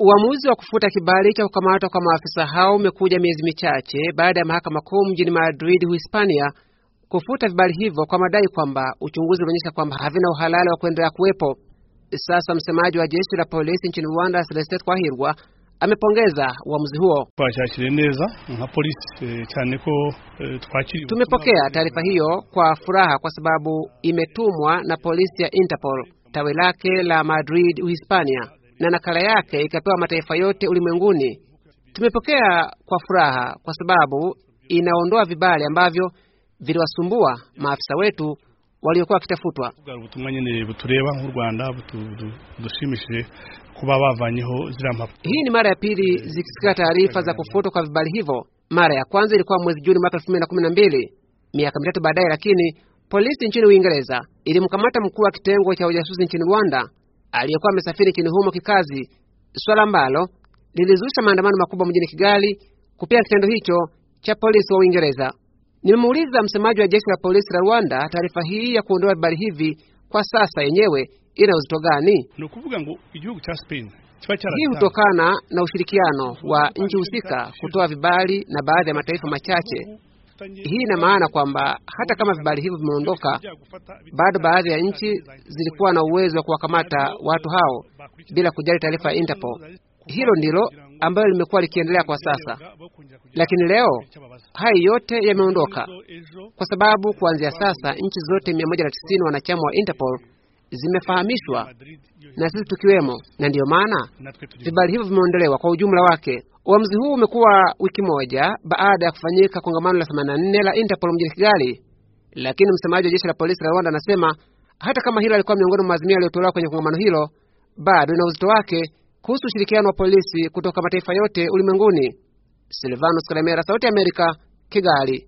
Uamuzi wa kufuta kibali cha kukamatwa kwa maafisa hao umekuja miezi michache baada ya mahakama kuu mjini Madrid, Uhispania, kufuta vibali hivyo kwa madai kwamba uchunguzi ulionyesha kwamba havina uhalali wa kuendelea kuwepo. Sasa msemaji wa jeshi la polisi nchini Rwanda, Celestin Twahirwa, amepongeza uamuzi huo. Eh, eh, Tumepokea taarifa hiyo kwa furaha kwa sababu imetumwa na polisi ya Interpol tawi lake la Madrid, Uhispania na nakala yake ikapewa mataifa yote ulimwenguni. Tumepokea kwa furaha, kwa sababu inaondoa vibali ambavyo viliwasumbua maafisa wetu waliokuwa wakitafutwa. Hii ni mara ya pili eh, zikisikika taarifa za eh, kufutwa kwa vibali hivyo. Mara ya kwanza ilikuwa mwezi Juni mwaka mbili, miaka mitatu baadaye, lakini polisi nchini Uingereza ilimkamata mkuu wa kitengo cha ujasusi nchini Rwanda aliyekuwa amesafiri nchini humo kikazi, swala ambalo lilizusha maandamano makubwa mjini Kigali kupinga kitendo hicho cha polisi wa Uingereza. Nimemuuliza msemaji wa jeshi la polisi la Rwanda taarifa hii ya kuondoa vibali hivi kwa sasa yenyewe ina uzito gani? Hii hutokana na ushirikiano wa nchi husika kutoa vibali na baadhi ya mataifa machache hii ina maana kwamba hata kama vibali hivyo vimeondoka, bado baadhi ya nchi zilikuwa na uwezo wa kuwakamata watu hao bila kujali taarifa ya Interpol. Hilo ndilo ambayo limekuwa likiendelea kwa sasa, lakini leo hayo yote yameondoka, kwa sababu kuanzia sasa nchi zote 190 wanachama wa Interpol zimefahamishwa na sisi tukiwemo, na ndiyo maana vibali hivyo vimeondolewa kwa ujumla wake. Uamuzi huu umekuwa wiki moja baada ya kufanyika kongamano la 84 la Interpol mjini Kigali, lakini msemaji wa jeshi la polisi la Rwanda anasema hata kama hilo alikuwa miongoni mwa maazimio yaliyotolewa kwenye kongamano hilo, bado ina uzito wake kuhusu ushirikiano wa polisi kutoka mataifa yote ulimwenguni. Silvanos Kalemera, Sauti ya Amerika, Kigali.